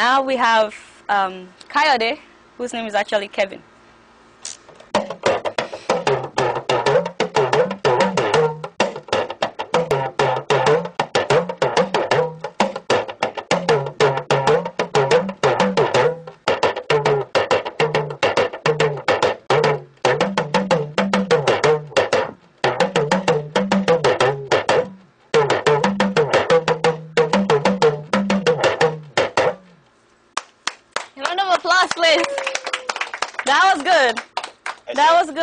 Now we have um, Coyote, whose name is actually Kevin.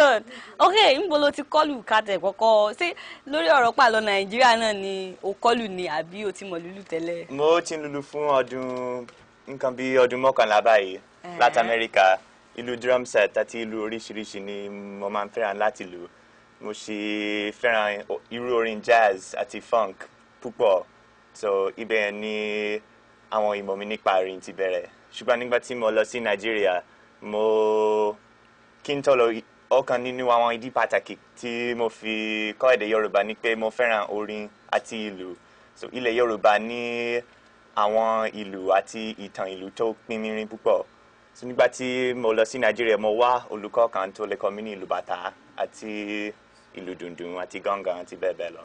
London ok níbo ló ti kọlù kàtẹ kọ́kọ́ ṣé lórí ọ̀rọ̀ pàlọ́ nàìjíríà náà ni o kọlù ni àbí o ti mọ̀ lùlù tẹ́lẹ̀. mo ti ń lùlù fún ọdún nǹkan bíi ọdún mọ́kànlá báyìí láti amẹ́ríkà ìlú drum set àti ìlú oríṣiríṣi ni mo máa ń fẹ́ràn láti lù mo ṣe fẹ́ràn irú orin jazz àti funk púpọ̀ so ibẹ̀ ni àwọn ìmọ̀ mi nípa orin ti bẹ̀rẹ̀ ṣùgbọ́n nígbà tí mo lọ sí nàìjíríà mo kí n tó lọ ọ̀kan nínú àwọn ìdí pàtàkì tí mo fi kọ́ èdè yorùbá ni pé mo fẹ́ràn orin àti ìlú so ilẹ̀ yorùbá ní àwọn ìlú àti ìtàn ìlú tó pinmirin púpọ̀ so nígbà tí mo lọ sí nàìjíríà mo wá olùkọ́ kan tó lè kọ́ mi ní ìlú bàtà àti ìlú dùndùn àti gángan àti bẹ́ẹ̀ bẹ́ẹ̀ lọ.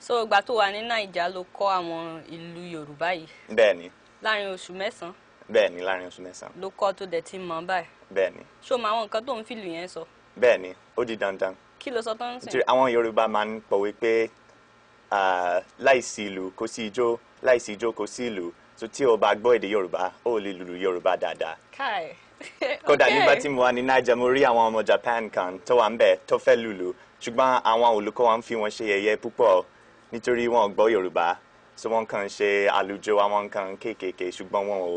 so ìgbà tó wà ní naija ló kọ́ àwọn ìlú yorùbá yìí. bẹ́ẹ̀ni. láàrin oṣù mẹ́sàn-án. bẹ́ẹ̀ni láàrin oṣù mẹ́sàn-án. ló kọ́ tó dẹ̀ ti mọ̀ báyìí. bẹ́ẹ̀ni. so màá wọn nǹkan tó ń fìlù yẹn sọ. So bẹ́ẹ̀ ni ó di dandan. kí ló sọ tó ń sìn. àwọn yorùbá máa ń pòwe pé láìsí ìlù kò sí ijó láìsí ijó kò sí ìlù so tí o bá gbọ́ èdè yorùbá o lè lùlù yorùbá dáadáa. káì kódà nígbà tí mo wà ní naija mo rí àwọn ọmọ japan kan tó wà ń bẹ tó fẹ́ lùlù ṣùgbọ́n àwọn olùkọ́ wa ń fi wọn ṣe yẹ̀yẹ́ púpọ̀ nítorí wọn gbọ́ yorùbá so wọn kàn ṣe àlùjọ àwọn nǹkan kéékèèké ṣùgbọ́n wọn ò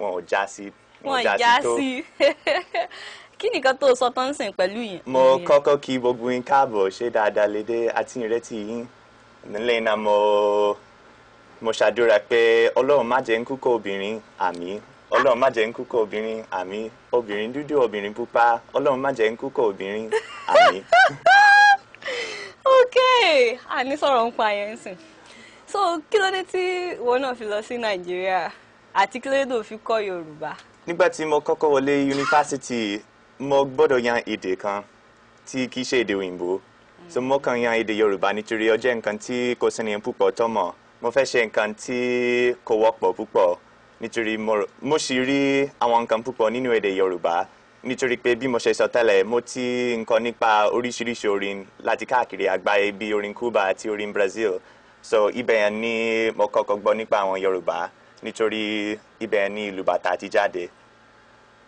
wọn ò já sí wọn ìjà sí kí nìkan tó sọ tó ń sìn pẹ̀lú yìí. mo kọ́kọ́ kí gbogbo yín káàbọ̀ ṣé dáadáa lédè àti ìrètí yín lẹ́yìn náà mo mo ṣàdúrà pé ọlọ́run má jẹ́ ń kúkọ obìnrin àmì ọlọ́run má jẹ́ ń kúkọ obìnrin àmì obìnrin dúdú obìnrin pupa ọlọ́run má jẹ́ ń kúkọ obìnrin àmì. ok àní sọ̀rọ̀ ń pa yẹn sìn so kí ló dé tí ìwọ náà fi lọ sí nàìjíríà àti kí ló dé tó fi kọ́ yorùbá. nígbà tí mo kọ́kọ́ wọlé yunifásitì mo gbọ́dọ̀ yan èdè kan tí kì í ṣe èdè òyìnbó so mo kàn yan èdè yorùbá nítorí ó jẹ́ nǹkan tí kò sẹ́ni púpọ̀ tó mo fẹ́ ṣe nǹkan tí kò wọ́pọ̀ púpọ̀ nítorí mo sì rí àwọn nǹkan púpọ̀ nínú èdè yorùbá nítorí pé bí mo ṣe sọ tẹ́lẹ̀ mo ti nǹkan nípa oríṣiríṣi orin láti káàkiri àgbáyé bíi orin Cuba àti orin Brazil so ibẹ̀ yẹn ni mo kọ́kọ́ gbọ́ nípa àwọn yorùbá nítorí ibẹ̀ ni ìlù bàtà ti jáde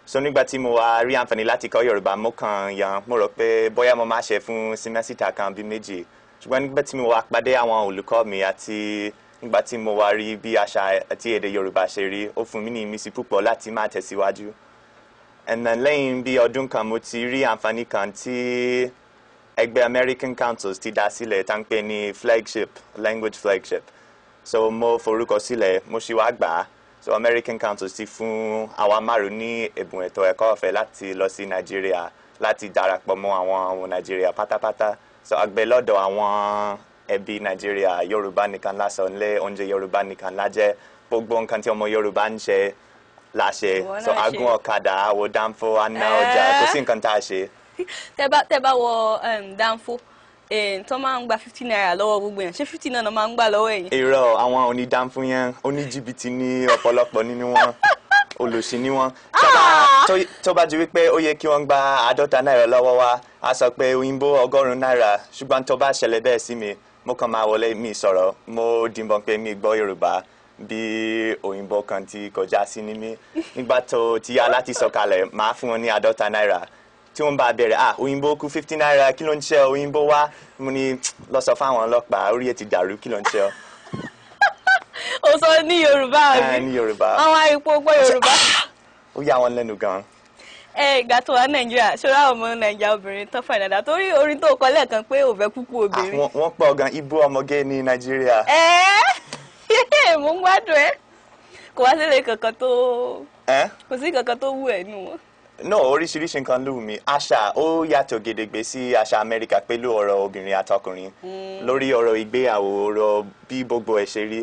so nígbà tí mo wá rí àǹfààní láti kọ́ yorùbá mo kàn yan mo rò pé bóyá mo máa ṣe fún símẹ́sítà kan bí méjì ṣùgbọ́n nígbà tí mo wá pàdé àwọn olùkọ́ mi àti nígbà tí mo wá rí bí àṣà àti èdè yorùbá ṣe rí ó fún mi ní ìmísí púpọ̀ láti máa tẹ̀síwájú and lẹ́yìn bí ọdún kan mo ti rí àǹfààní kan tí ẹgbẹ́ American Councils ti dá sílẹ̀ tá ń pè ní flagship language flagship so mo forúkọ sílẹ̀ mo ṣì wá gbà á so American Council ti fún àwa márùn ní ẹ̀bùn ẹ̀tọ́ ẹ̀kọ́ ọ̀fẹ́ láti lọ sí Nàìjíríà láti darapọ̀ mọ́ àwọn àwọn Nàìjíríà pátápátá so àgbẹ̀ lọ́dọ̀ àwọn ẹbí Nàìjíríà Yorùbá nìkan lásán lé oúnjẹ Yorùbá nìkan lájẹ́ gbogbo nǹkan tí ọmọ Yorùbá ń ṣe láṣe so agun ọ̀kadà àwọ̀ dánfó àná ọjà eh. kò sí nǹkan tá a ṣe. tẹ́ bá wọ um, dánfó tó máa ń gba fifty naira lọ́wọ́ gbogbo yẹn ṣé fifty náà máa ń gbà lọ́wọ́ ẹ̀yin. irọ́ àwọn onídàáfún yẹn oníjìbìtì ní ọ̀pọ̀lọpọ̀ nínú wọn olòṣì ni wọn tó bá ju ah! wípé ó yẹ kí wọ́n gba àádọ́ta náírà lọ́wọ́ wa a sọ pé òyìnbó ọgọ́rùn-ún náírà ṣùgbọ́n tó bá ṣẹlẹ̀ bẹ́ẹ̀ sí mi mo kàn máa wọlé mi sọ̀rọ̀ mo dìbọn pé mi gbọ́ Yorùbá bí òyìnbó kan ti kọjá sí ní mi nígbà tó ti yá láti sọ̀kalẹ̀ máa fún wọn ní àádọ́ta náírà tí wọ́n bá bẹ̀rẹ̀ ah òyìnbó kù fifty naira kí ló ń ṣe òyìnbó wá mo ní lọ sọ fáwọn ọlọ́pàá orí ẹ̀ ti dàrú kí ló ń ṣe ọ. o sọ ní yorùbá ah, àbí ní yorùbá àwọn àìpó gbọ́ yorùbá. Ah, ó yà wọn lẹ́nu gan-an. ẹ ìgbà tó wà nàìjíríà ṣọlá ọmọ nàìjíríà obìnrin tán fàìn dàda torí orin tó kọ lẹ́ẹ̀kan pé ò fẹ́ kúkú ah, obìnrin. wọ́n pọ̀ gan ibú ọmọge ní nàìjíríà. ẹ mo ń gbádùn ẹ kò wá sílé kankan tó kò sí kankan tó wù ẹ nù wọn náà oríṣiríṣi nǹkan lù mí àṣà ó yàtọ̀ gedegbe sí àṣà amẹ́ríkà pẹ̀lú ọ̀rọ̀ obìnrin àtọkùnrin hmm. lórí ọ̀rọ̀ ìgbéyàwó ọ̀rọ̀ bí gbogbo ẹ̀ ṣe rí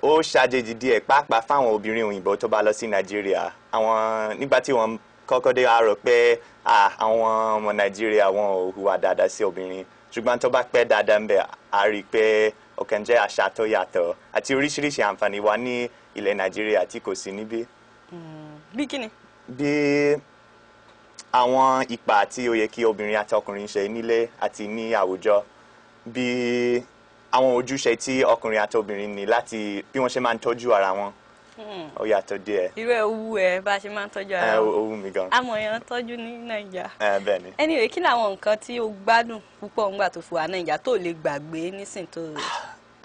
ó ṣàjèjì díẹ̀ pàápàá fáwọn obìnrin òyìnbó tó bá lọ sí nàìjíríà àwọn nígbà tí wọ́n kọ́kọ́ dé àárọ̀ pé àwọn ọmọ nàìjíríà wọn ò hùwà dáadáa sí obìnrin ṣùgbọ́n tó bá pẹ́ dáadáa ń bẹ̀ á rí i pé ọ̀kàn jẹ́ àṣà tó yàtọ̀ àti oríṣiríṣi àǹfààní wa ní ilẹ̀ nàìjíríà tí kò sí níbí. Hmm. bí kíni. bí àwọn ipa tí ó yẹ kí obìnrin àti ọkùnrin ṣe nílé àti ní àwùjọ bí àwọn ojúṣe tí ọkùnrin àti obìnrin ní láti bí wọ́n ṣe máa ń tọ́jú ara wọn hmm. ó yàtọ̀ díẹ̀. irú ẹ wú ẹ bá a ṣe máa ń tọ́jú ara wọn. ó wú mi gan. amọ̀yàn tọ́jú ní nàìjà. bẹ́ẹ̀ ni. anyway kí làwọn nǹkan tí o gbádùn púpọ̀ ńgbà tó fi wà nàìjà tó lè gbàgbé nísìn tó.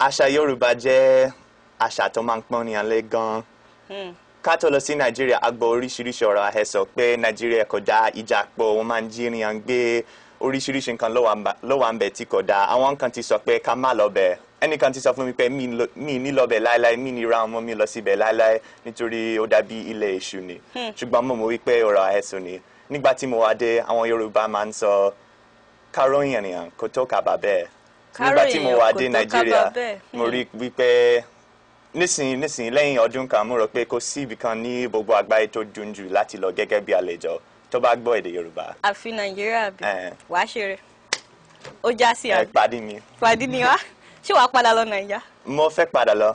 àṣà yorùbá jẹ́ àṣà tó máa ń pọ́n ní alẹ́ gan-an hmm ká tó lọ sí nàìjíríà a gbọ́ oríṣiríṣi ọ̀rọ̀ àhẹsọ pé nàìjíríà kọjá ìjà pọ̀ wọ́n máa ń jíríyàn gbé oríṣiríṣi nǹkan ló wà ń bẹ̀ tí kò dáa àwọn kan ti sọ pé ká má lọ bẹ̀ ẹnìkan ti sọ fún mi pé mi ní lọ bẹ̀ láéláé mi ní ra ọmọ mi lọ síbẹ̀ láéláé nítorí ó dàbí ilé èṣù ni hmm. ṣùgbọ́n mo mọ̀ wípé ọ̀rọ̀ àhẹsọ ni nígbà tí mo wá dé àwọn yorùbá máa ń sọ káròyìn ènìyàn kò tó kàbà bẹ́ẹ̀ nígbà tí mo wá dé nàìjíríà mo hmm. rí wípé nísìnyí nísìnyí lẹ́yìn ọdún kan mo rò pé kò sí ibì kan ní gbogbo àgbáyé tó dùn jù láti lọ gẹ́gẹ́ bí àlejò tó bá gbọ́ èdè yorùbá. àfi nàìjíríà bí wàá ṣeré ó já sí àbí. pàdé mi. pàdé ni wá ṣé wàá padà lọ nàìjà. mo fẹ́ padà lọ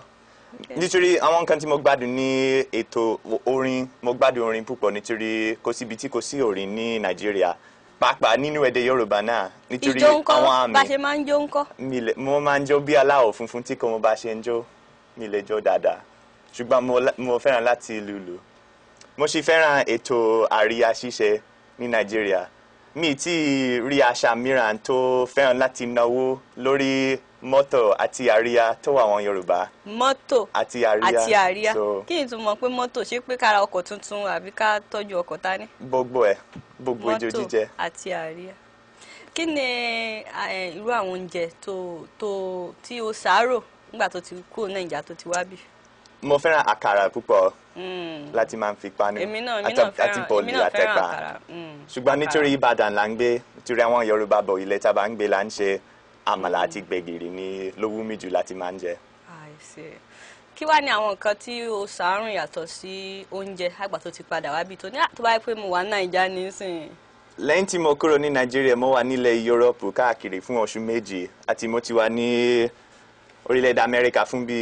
nítorí àwọn nǹkan tí mo gbádùn ní ètò orin mo gbádùn orin púpọ̀ nítorí kò síbi tí kò sí orin ní nàìjíríà pàápàá nínú èdè yorùbá náà nítorí àwọn àmì ìjó ńkọ́ bá ṣe máa ń jó ńkọ́. mo máa ń jó bí aláwọ̀ funfun tí kò mo bá ṣe ń jó mi lè jó dáadáa ṣùgbọ́n mo fẹ́ràn láti lùlù mo sì fẹ́ràn ètò àríyá ṣíṣe ní nàìjíríà mi ti rí àṣà mìíràn tó fẹ́ràn láti náwó lórí mọ́tò àti àríyá tó wà wọn yorùbá. mọ́tò àti àríyá àti àríyá kí ni ìtumọ̀ pé mọ́tò ṣé pé kára ọkọ̀ tuntun àbí ká tọ́jú ọkọ̀ ta ní. gbogbo ẹ gbogbo ijó jíjẹ. mọ́tò àti àríyá kí ni eh, irú àwọn oúnjẹ tó tí o ṣàárò nígbà tó ti kúrò nàìjà tó ti wá bì. mo fẹ́ràn àkàrà púpọ̀ hmm. láti máa fi panu àti bọ́ọ̀lù àtẹ̀pà hmm, ṣùgbọ́n nítorí ìbàdàn là ń gbé nítorí àwọn yorùbá bọ̀ ilẹ̀ tá a bá ń gbé là ń ṣe àmàlà hmm. àti gbẹ̀gìrì ní ló wù mí jù láti máa ń jẹ. kí wàá ní àwọn nǹkan tí o ṣàárùn yàtọ̀ sí oúnjẹ àgbà tó ti padà wá bí tó ní ah, tó bá pé mo wà ní nàìjà nísìnyí lẹ́yìn tí mo kúrò ní nàìjíríà mo wà nílẹ̀ yúróòpù káàkiri fún oṣù méjì àti mo ti wà ní orílẹ̀-èdè Amẹ́ríkà fún bí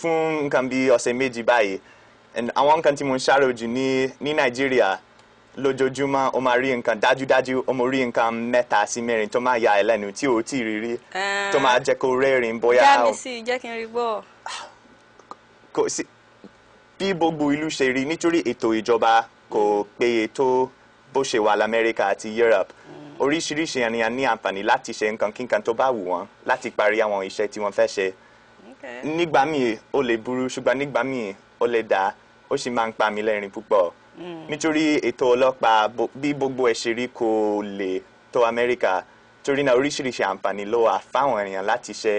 fún nǹkan bí ọ̀sẹ̀ méjì báyìí àwọn nǹkan tí mo ń ṣàròjù ní ní Nàìjíríà lójoojúmọ́ o máa rí nǹkan dájúdájú o máa rí nǹkan mẹ́ta sí mẹ́rin tó máa ya ẹ lẹ́nu tí o tí ì rírí tó eh. máa jẹ́ kó rẹ́rìn bóyá. já mi sí jẹ́ kí n rí gbọ́. kò sí bí gbogbo ìlú ṣe rí nítorí ètò ìjọba kò péye tó bó ṣe wà l'Amẹ́ríkà àti Europe oríṣiríṣi ènìyàn ní àǹfààní láti ṣe nǹkan kíkan tó bá wù wọ́n láti parí àwọn iṣẹ́ tí wọ́n fẹ́ ṣe nígbà míì ó lè burú ṣùgbọ́n nígbà míì ó lè dáa ó sì máa ń pa mí lẹ́rìn púpọ̀ hmm. nítorí ètò ọlọ́pàá bí gbogbo ẹ̀ ṣe rí kò lè tó Amẹ́ríkà torí náà oríṣiríṣi àǹfààní ló wà fáwọn èèyàn láti ṣe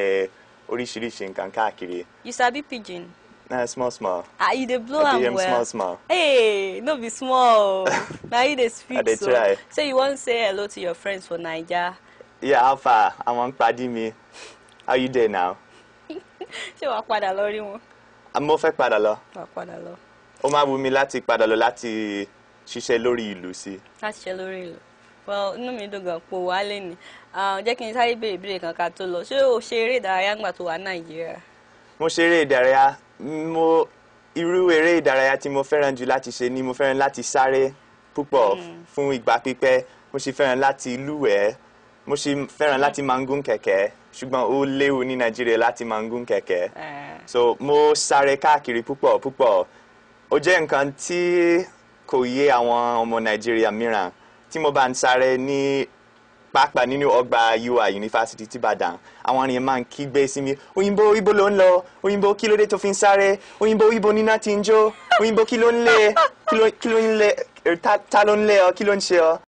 oríṣiríṣi nǹkan káàkiri. you sabi pidgin na small small ah you dey blow am well small small hey no be small na you dey speak so try. so you wan say hello to your friends for naija yeah how far àwọn padi me. how you dey now. ṣé wàá padà lọ rí wọn. Ah, mo fẹ́ padà lọ. wàá padà lọ. ó máa wù mí láti padà lọ láti ṣiṣẹ́ lórí ìlú sí. láti ṣiṣẹ́ lórí ìlú well inú mi dùn gan pò wá lẹ́nu jẹ́ kí n sáré béèrè ìbéèrè kan ká tó lọ ṣé o ṣe eré ìdárayá ńgbà tó wà nàìjíríà. mo ṣe eré ìdárayá mo irú eré ìdárayá tí mo fẹ́ràn jù láti ṣe ni mo fẹ́ràn láti sáré púpọ̀ hmm. fún ìgbà pípẹ́ mo sì fẹ́ràn láti lúwẹ̀ẹ́ mo sì fẹ́ràn láti máa ń gún kẹ̀kẹ́ ṣùgbọ́n ó léwu ní nàìjíríà láti máa ń gún kẹ̀kẹ́ eh. so mo sáré káàkiri púpọ̀ púpọ̀ ó jẹ́ nǹkan tí kò yé àwọn ọmọ nàìjíríà mìíràn tí mo bá ń sáré ní pàápàá nínú ọgbà UI yunifásitì tìbàdàn àwọn arìnrìn máa ń kígbe sí mi òyìnbó ibo ló ń lọ òyìnbó kí ló dé tó fi ń sáré òyìnbó ibo níná ti ń jó òyìnbó kí ló ń lé kí ló ń lé ta ló ń lé ọ kí ló ń ṣe ọ